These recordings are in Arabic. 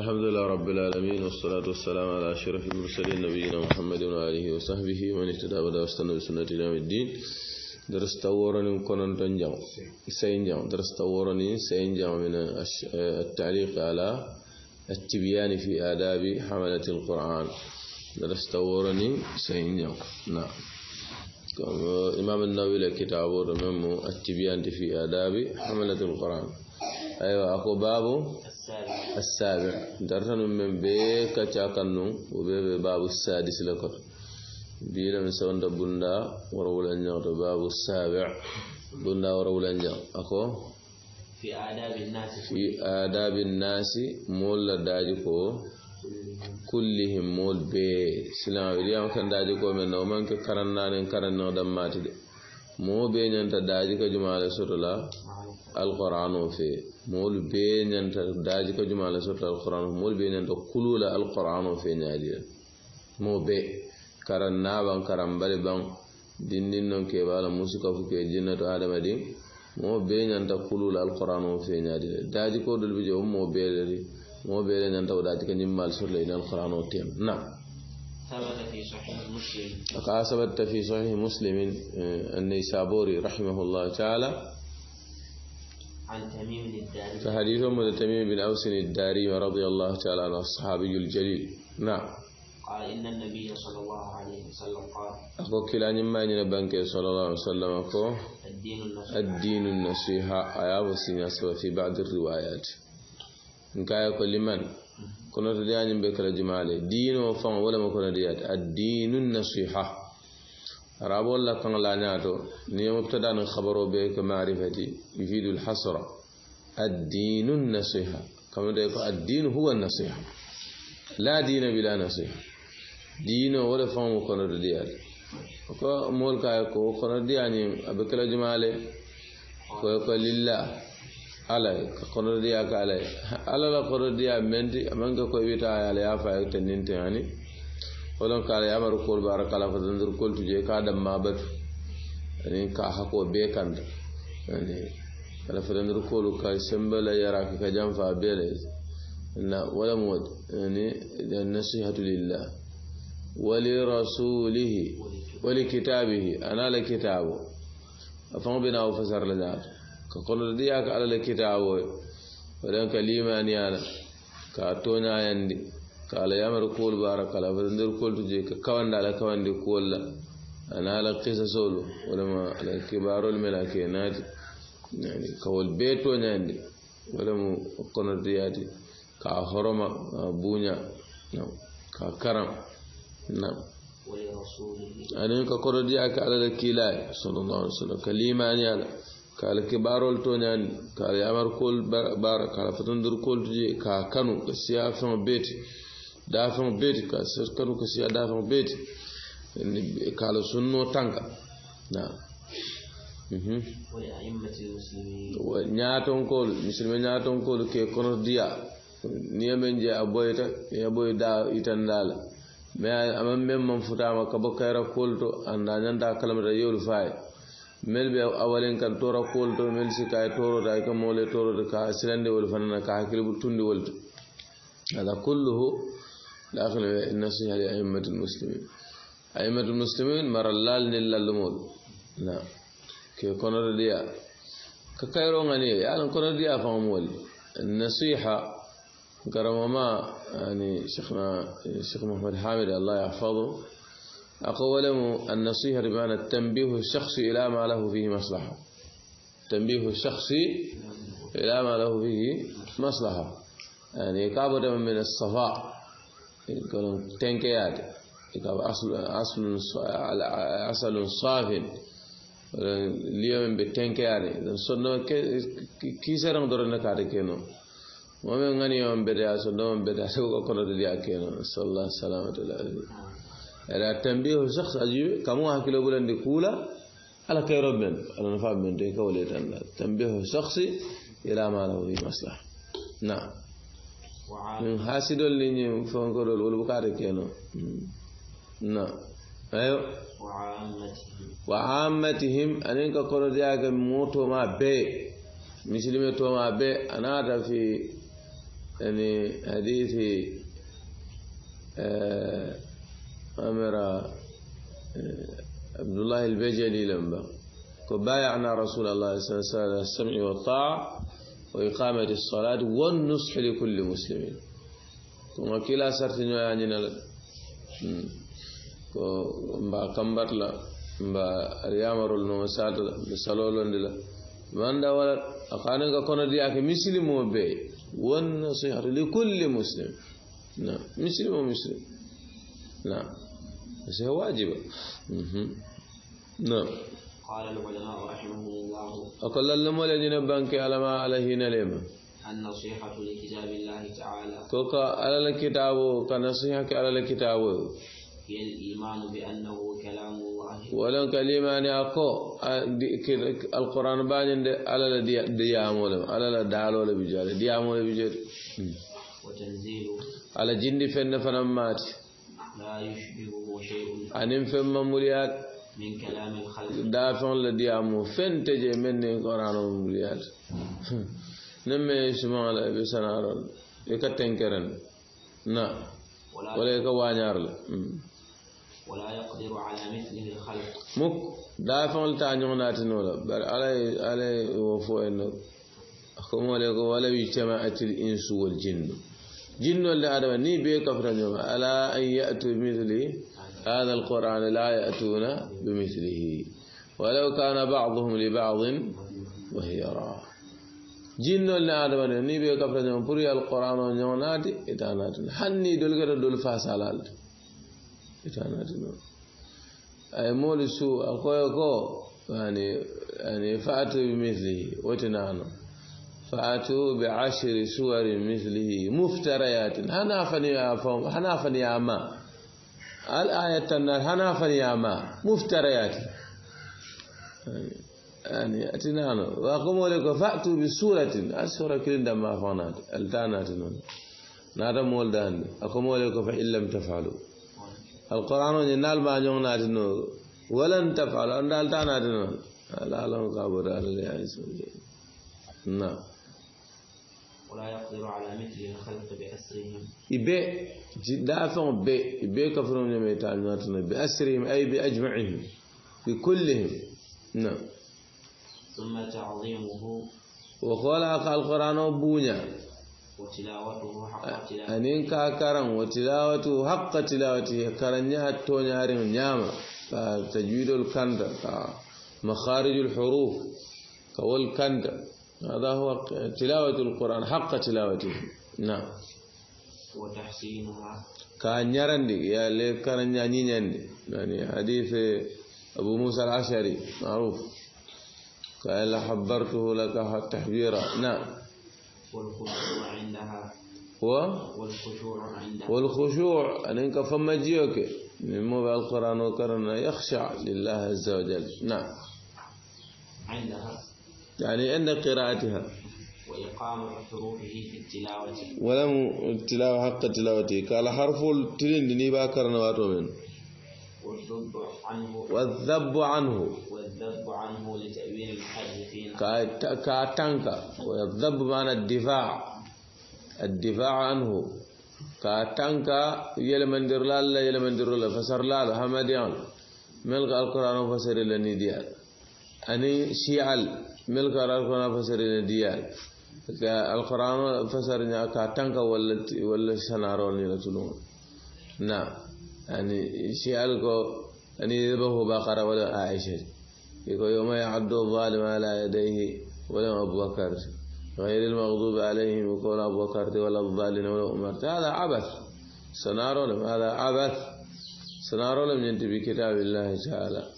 الحمد لله رب العالمين والصلاة والسلام على أشرف المرسلين نبينا محمد وعلى آله وصحبه ومن اهتدى بدا واستنى بسنة إلى الدين درس تورني كونن تنجاو سينجاو درس تورني سينجاو من التعليق على التبيان في آداب حملة القرآن درس تورني سينجاو نعم إمام النووي لكتابه التبيان في آداب حملة القرآن aywa ako babu assabi darta num men be kaccakan num oɓeɓe babu sadis le koto biram sewnda bunda wara wulan jang to babu sabi bunda wara wulan jang ako fi adabi nnasi molla daji ko kullihim mol be silan wiriyam kan daji ko men nomanke karannanin karannan dammati de mo be ñanta daji ka jumale soto la alqouran o fee moolu bee ñanta daaji ka juma la sotta alquran moolu bee ñanta kulula alquran o fee ñaadi la moo bee karan naaban karan bali ban dindin non ke bala musu ka fuke jinnatu adamadi moo bee ñanta kulula alquran o fee ñaadi la daaji ko dol bi je o moo bee le moo bee le ñanta o daaji ka ñimmal sotta ina alquran o tem na ثبت في صحيح مسلم النيسابوري رحمه الله تعالى عن تميم الداري فحديث أم تميم بن أوس الداري رضي الله تعالى عنه الصحابي الجليل نعم قال إن النبي صلى الله عليه وسلم قال أخو كلا نما نبانك صلى الله عليه وسلم أخو الدين النصيحة الدين النصيحة أياب سنياسة في بعض الروايات إن كان يقول لمن كنا تدعي بكرة جمالي دين وفن ولا ما كنا الدين النصيحة رابو الله فان لا ناتو نيوم ابتدا خبرو بك معرفتي يفيد الحصر الدين النصيحة كما يقول الدين هو النصيحة لا دين بلا نصيحة دين ولا فهم كنر ديال ko mool kay ko kono diyani abe kala jumaale ko ko lillah ala kono diya ka ala ala la kono diya menti amanka ko wita ala ya fa yote ninti yani ولن قال يا عمر قول بارك الله فتنظر قلت جي كادم ما بت يعني كحقو بيكند يعني قال فتنظر قول كاي سمبل يراك كجام فابيل ولا مود يعني النصيحة لله ولرسوله ولكتابه أنا لكتابه أفهم بنا وفسر لذات كقول دياك على لكتابه ولن كلمة أنيانا كاتونا يندي قال يا مركول بارك الله فإن ركول تجيك كوان دالا كوان دي كولا أنا على قصة سولو ولما على كبار الملاكينات يعني كول بيت ونعند ولما قنا دياتي كأخرما بونيا نعم كأكرم نعم أنا يعني كقول دياك على الكيلاء صلى الله عليه وسلم كليمة يعني على قال كبار التوني يعني قال يا مركول بارك الله فتندر كل تجي كأكنو كسيافة بيتي daafeŋo beeti ka kanu ko siya daafeŋo beeti kaala sunnoo tanka ñaatonkoolu musilme ñaatonkoolu ke konoto diya niŋ e meŋ je a boyita e a boyi daa itandaa la mais ama meŋ maŋ futaama ka bo kayira e kuolu to anda ñanta kalamata yeolu faaye mel be awaliŋ kaŋ toora kuolu to mel si kaye tooroto ay ka moolu ye tooroto ka silandi wolu fanana ka hakkili bu tundi wolu to ala kulluhu الأغلبية الناس هي أئمة المسلمين أئمة المسلمين مرلال نلا لمول نعم كي يكون رديا ككيرون غني يعلم يعني كون رديا فهمول النصيحة كرم ما يعني شيخنا الشيخ محمد حامد الله يحفظه أقول النصيحة بمعنى التنبيه الشخصي إلى ما له فيه مصلحة تنبيه الشخصي إلى ما له فيه مصلحة يعني كابر من الصفاء كلام تنكيات أصل أصل أصل صاف اليوم بتنكيات صنع كيسر مدرنا كاركينو ومن غني يوم بدأ صنع بدأ سوق كنا دليا كينو صلى الله سلامة الله هذا تنبيه شخص أجيب كم واحد كيلو بلند كولا على كيرب من على نفع من تنكولي تنبيه شخصي إلى ما له في مصلحة نعم من حاسد اللي فانقر الأول بكاري كينو نا نعم. أيوة وعامتهم وعامتهم أنا إنك كورو دي أك موتو ما بي مثل ما توما بي أنا هذا في يعني حديث آه، أمرا آه، عبد الله البجلي لما كبايعنا رسول الله صلى الله عليه وسلم السمع والطاعة وإقامة الصلاة والنصح لكل مسلم كما كلا سرت نيانا ko mba kambat la mba riyamarol no sata ɓe salolondi la manda wala akane ka kono diyake misilimo be won nasihatu li kulli muslim na misilimo muslim na se wajiba na قال العلماء رحمهم الله أقل لما الذين بانك على ما عليه نليم النصيحة لكتاب الله تعالى كوكا على الكتاب كنصيحة على الكتاب هي الإيمان بأنه كلام الله ولن كلمة أن أقو القرآن بعدين على ديامول على دالول بجال ديامول بجال وتنزيله على جند فن فنمات لا يشبهه شيء أنم فن موليات من كلام الخلق دافع الذي أمو فين تجي مني قرآن ومبليات نمي يسمع على بسنار يكتن كرن نا ولا يكوانيار ولا يقدر على مثله الخلق مك دافن التانيونات نولا بل علي علي وفو إنه أخوم ولا يجتمعت الإنس والجن ولا آدم ني بي كفر جمع ألا أن يأتوا بمثل هذا القرآن لا يأتون بمثله ولو كان بعضهم لبعض جن ولا آدم ني بي كفر جمع بري القرآن ونيونات إتانات حني غير دول فاسالال إتانات أي مول اكو اكو يعني يعني فأتوا بمثله وتنانو فأتوا بعشر سور مثله مفتريات هنافني يا فهم هنافني يا ما الآية النار هنافني يا ما مفتريات يعني أتنان وأقوم لك فأتوا بسورة السورة كلنا ما فانات التانات نادم مولدان أقوم لك فإن لم تفعلوا القرآن ينال ما نيونات ولن تفعلوا أن التانات لا لا قابر الله عز وجل نعم ولا يقدر على مثل الخلق بأسرهم يبي دافع بي يبي كفرهم لما يتعلمون بأسرهم أي بأجمعهم بكلهم نعم ثم تعظيمه وخلق القرآن بونيا وتلاوته حق أنين كاكرم وتلاوته حق تلاوته كرنيا التونيا هرم نياما تجويد الكندر مخارج الحروف كوال كندر هذا هو تلاوة القرآن حق تلاوته نعم وتحسينها كان يرندي يا ليك كان يعني يعني حديث أبو موسى العشري معروف قال لحبرته لك تحبيرا نعم والخشوع عندها و والخشوع عندها والخشوع أن إنك فما جيوك من موضع القرآن وكرنا يخشع لله عز وجل نعم عندها يعني عند قراءتها وإقامة حروفه في التلاوة ولم التلاوة حق تلاوته قال حرف التلين نيبا كرنواتو من والذب عنه والذب عنه والذب عنه لتأويل المحرفين كاتنكا والذب معنى الدفاع الدفاع عنه كاتنكا يلمندر لا يلمندر لا فسر لا حمد يعني ملغ القرآن فسر لني ديال أني شيعل ملك القرآن فسرنا ديال القرآن فسرنا كاتنكا ولا ولا سنارون لا تلوم نعم أني شيعل كو أني يذبه بقرة ولا عائشة يقول يوم يعد الظالم على يديه ولا أبو بكر غير المغضوب عليهم يقول أبو بكر ولا الظالم ولا أمر هذا عبث سنارون هذا عبث سنارون من ينتبه كتاب الله تعالى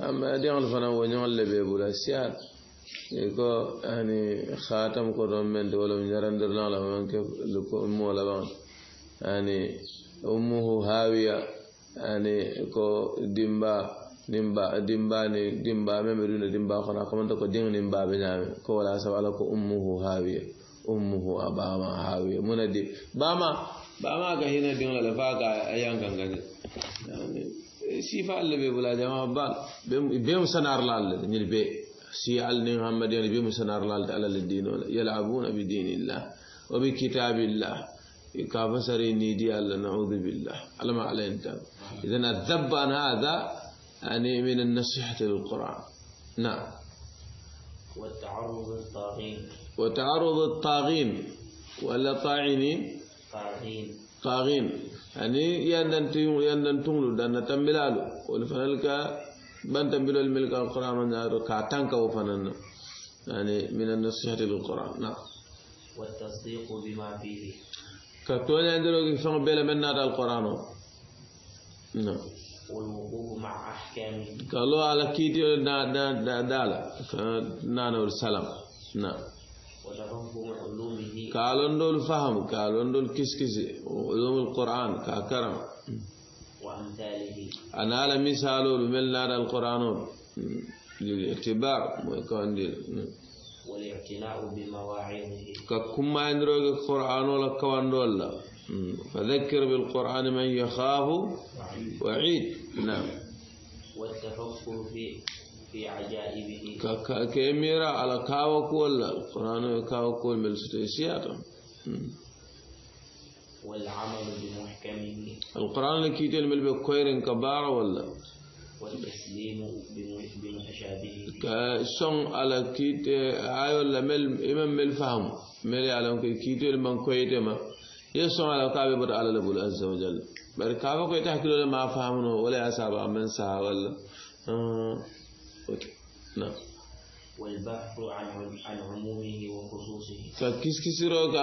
أما ديال فنا ونيون اللي بيقول سيار يكو يعني خاتم كرم من دولة من جران درنا لهم كيف لكو أمه لبان يعني أمه هاوية يعني كو دمبا dimba dimba ne dimba me me duna dimba kono ko man ko ding dimba be nyaame ko wala sabala ko ummuhu hawiya ummuhu abama hawiya munadi bama bama ga hina ding la fa ga ayanga ngani سيفا اللي بيقول جماعة بال بيم سنار لال نير بي سي على محمد يعني بيم سنار لال على الدين يلعبون بدين الله وبكتاب الله كاف سري نيدي الله نعوذ بالله على ما علي انت اذا الذب عن هذا يعني من النصيحة للقرآن نعم والتعرض الطاغين والتعرض الطاغين ولا طاعنين فاغين يعني يندن يندن تونلو دانا تمبلالو والفنلك بان تمبلو الملك القرآن كا تانكا وفنن يعني من النصيحة للقرآن نعم والتصديق بما فيه كتوني عندنا في بلا من نار القرآن نعم والوقوف مع أحكامه قالوا على كيدي دالا نانا والسلام نعم دول فهم كيس كسكسي علوم القرآن كاكرم وأمثاله أنا على مثال من لا القرآن للاعتبار ويكون دي والاعتناء بمواعظه ككما يندرج القرآن ولا كوان دولا فذكر بالقرآن من يخاف وعيد نعم والتفكر في في عجائبه كاميرا على كاو كول القران كاو كول مل ستيسياتم والعمل بمحكمه القران كيتل مل بكويرن كبار ولا والتسليم بمتشابهه كسون على كيت ايو لمل امام مل فهم مل على كيتل من ما يسون على كابي بر على الله عز وجل بل كابو حكي له ما فهمه ولا اسابه من سا ولا آه. نعم. والبحث عن عن عمومه وخصوصه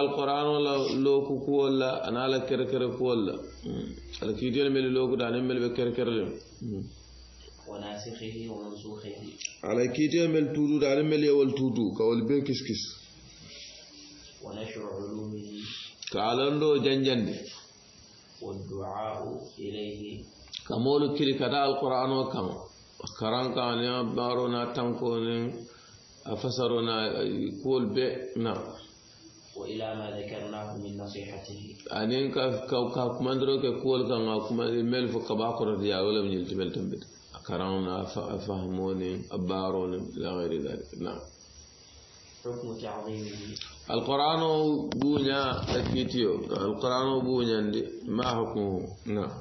القران ولا لو ولا انا لا كركر ولا الكيديو مل لو كدا مل بكركر وناسخه ومنسوخه على كيديو مل تودو دا مل يول تودو كول بكيس كيس ونشر علومه كالندو جنجند والدعاء اليه كمول كلي كذا القران وكما karanka ne baro na tanko ne a na kol be na وإلى ما ذكرناه من نصيحته أنين كا كا كماندرو كقول كان كما ميل فكبا قرر يا ولا من الجبل تنبت كرامنا فهموني أبارون إلى غير ذلك نعم حكم تعظيمه القرآن بونيا أكيتيو القرآن بونيا ما حكمه نعم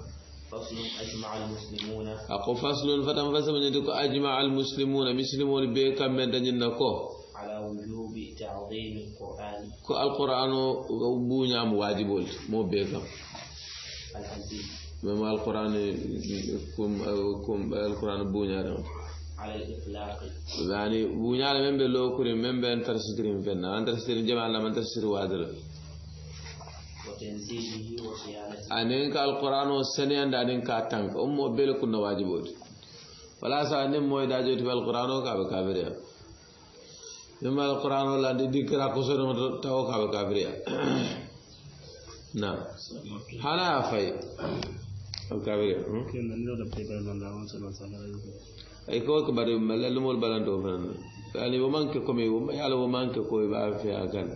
ako faslun fatan fasamani ti ko ajma al muslimuna muslimol be kamɓe dañinna ko ko alquran o buñama wajibol mo be kam meme alquran alquran buñaɗam yani buñaɗa men ɓe lokuri men ɓe antarsidirin fenna antarsidirin jama allah ma antarsidi wadira anin ka alqur'ano saniyande anin ka tanka on bele kunna wajiboti wala sa anin moye dajoti be alqur'ano kaɓe kafiriya mima alqur'ano landi dikkira kosoɗoma tawo kaɓe kafiriya na hana a fay kafiriya ay ko ko bari lumol balanto fanan ani womanke komi ala womanke koye ɓa fe a kan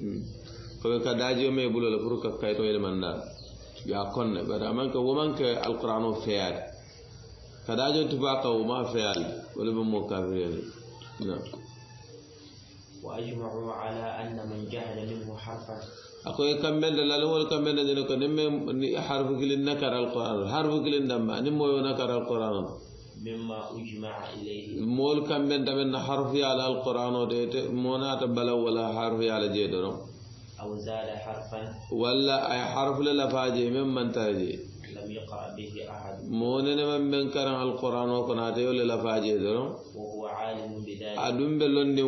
hmm. fo ka daji me bulo le furu ka kayto ele ya konne bara amanka womanke alqur'anu feyade ka dajo tubaka woma feyade wala mo na وأجمعوا على أن من جهل منه حرفا أقول كم من لا هو كم من ذلك نعم. نعم. نعم. حرف كل نكر القرآن حرف كل نم نم نكر القرآن مما أجمع إليه مول كم دم حرف على القرآن وديت مونات بلا ولا حرف على جدرهم أو زال حرفا ولا أي حرف للفاجي ممن ترجي لم يقرأ به أحد مون من من كره القرآن وكناتي ولا لفاجي درم وهو عالم بذلك أدم بلون دي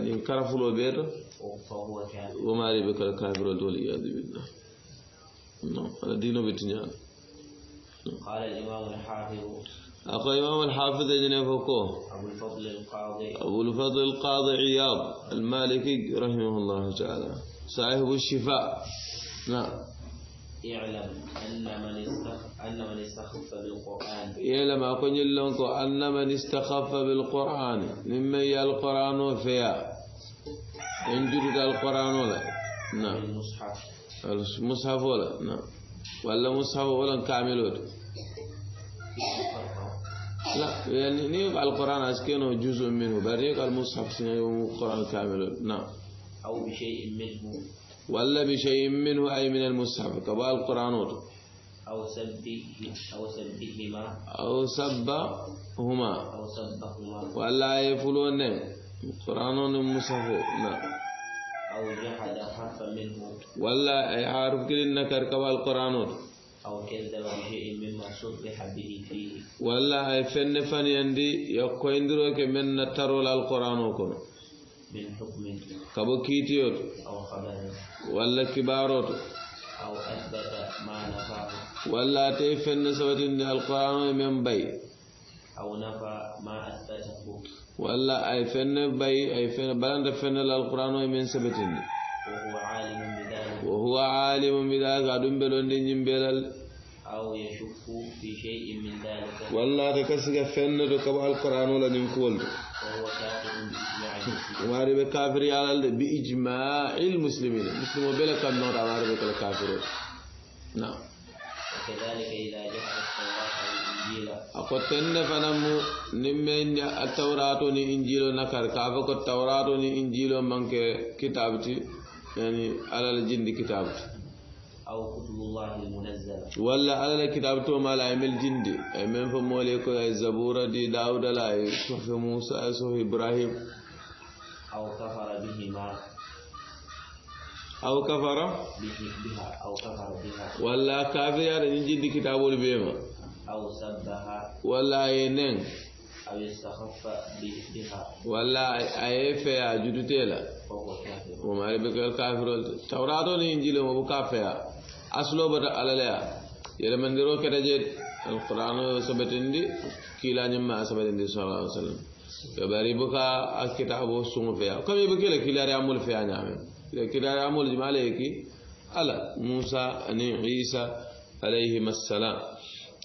دي كرف كرفلو بير فهو كافر وما لي بكر كافر والعياذ بالله نعم هذا دينه بتنيان نعم. قال الإمام الحافظ أخو إمام الحافظ أبو الفضل القاضي أبو الفضل القاضي عياض المالكي رحمه الله تعالى صاحب الشفاء نعم يعلم أن من استخف بالقرآن يعلم أن من استخف بالقرآن مما هي القرآن فيها إن جرد القرآن ولا نعم المصحف المصحف ولا نعم ولا مصحف ولا كامل لا يعني نيق القرآن أسكنه جزء منه بريق المصحف سنة يوم القرآن كامل نعم أو بشيء منه ولا بشيء منه أي من المصحف كما القرآن أو سبهما أو سبهما أو سبهما ولا يفلون القرآن المصحف نعم أو جحد حرفا منه ولا يعرف كل النكر كما القرآن أو كذب بشيء مما صرح به فيه ولا فن فن يندي يقوين دروك من نترول القرآن وكونه من حكم كبو كيتيوت أو خبر ولا كباروت أو أثبت ما نفاه ولا تيفن سوتين القرآن من بي أو نفى ما أثبته ولا أي فن بي أي فن بلند فن القرآن من سبتين وهو عالم بذلك وهو عالم بذلك أدم بلوندين جنبيلال أو يشك في شيء من ذلك ولا تكسك فن ركب القرآن ولا نمكولك واري بكافر على بإجماع المسلمين مسلم بلا كان نور واري بكلا كافر نعم وكذلك إذا جاء أقتن فنمو نمين التوراة والإنجيل نكر كافك التوراة والإنجيل منك كتابتي يعني على الجند كتابتي أو كتب الله المنزلة ولا على الكتاب توم لا يمل جندي من فمولك الزبورة دي داود لا صف موسى صف إبراهيم أو كفر بهما أو كفر بها أو كفر بها ولا كافر رجل جندي كتاب البيما أو سبها ولا ينن أو يستخف بها ولا أيفيا جدتيلا وما ربك الكافر التوراة والإنجيل وما كافيا aslo bata alalaya yele mandiro keta je alquran sabatindi kila nyamma sabatindi sallallahu alaihi wasallam yobari buka alkitabu sungu feya comme yibu kila kilare amul feya nyame kilare amul jumale yiki ala musa ani isa alayhim assalam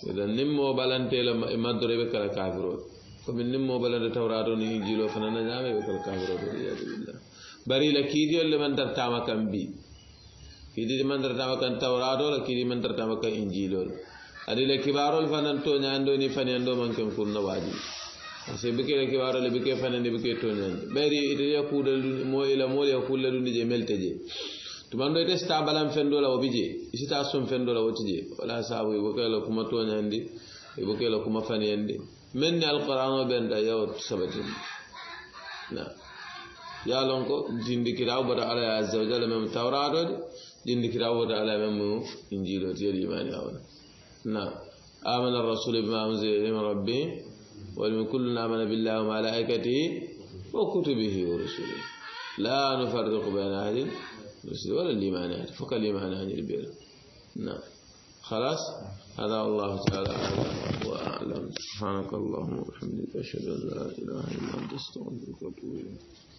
idan nimmo balantela maddore be kala kafirol komi nimmo balante tawrato ni jilo fanana nyame be kala kafirol yadu billah bari la kidiol le man dartama kam bi kidi man tartama kan tawrato la kidi man tartama kan injilol adi le kibarol fanan to nyando ni fanando man kan kunna waji ase bike le kibaro le bike fanande bike to nyando beri ite ya kudal dun mo ila mo ya kudal dun je melteje tumando ite sta balam fendola wobije isita som fendola wotije wala sabu ibokelo kuma to nyandi ibokelo kuma fanande من القرآن بين دايوت سبتين نعم يا لونكو جندي كراو برا على عز وجل من التوراة ذكر كراوة على من إنجيل وتيار إيمان أولا نعم آمن الرسول بما أنزل من ربه ولمن كل آمن بالله وملائكته وكتبه ورسله لا نفرق بين أحد رسل ولا الإيمان أحد فك الإيمان أحد البير نعم خلاص هذا الله تعالى وأعلم سبحانك اللهم وبحمدك أشهد أن لا إله إلا أنت أستغفرك وأتوب إليك